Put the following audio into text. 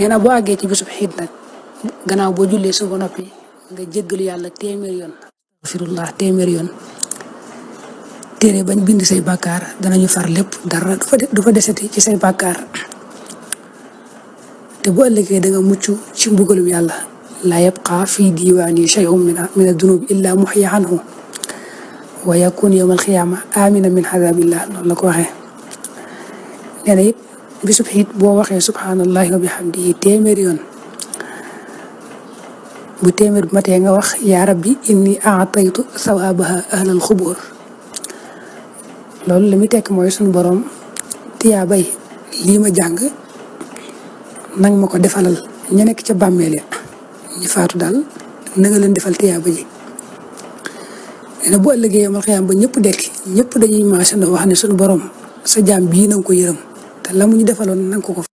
nee na boo àggee ci bisub xiit nag gannaaw boo jullee suba noppi nga jéggalu yàlla téeméer yoon afirullah téeméer yoon téere bañ bind say bàkkaar danañu far lépp dara du deset deseti ci say bàkkaar te bu ëllëgee da nga mucc ci mbugalum yàlla laa yabqa fii diiwaani shay'un min ad-dunuub illaa muxya anhu wa yakun yawm al amina min xadaabillah noonu la ko waxee nee su xiit boo waxee subhaanallahi wa bihamdihi téeméeri yoon bu téeméer bu matee nga wax yaa rabbi inni aataytu sawaabaha ahlal xubur loolu li mu tekk mooy suñu boroom tiyaabay lii ma jàng nang ma ko defalal ñu nekk ca bàmmeel ya ñu faatu daal nanga leen defal tiyaaba ji ne bu ëllëgee yamal xiyaam ba ñëpp dekk ñëpp dañuy maase na wax ne suñu boroom sa jaam bii na ko yërëm la mu ñu defaloon nanga ko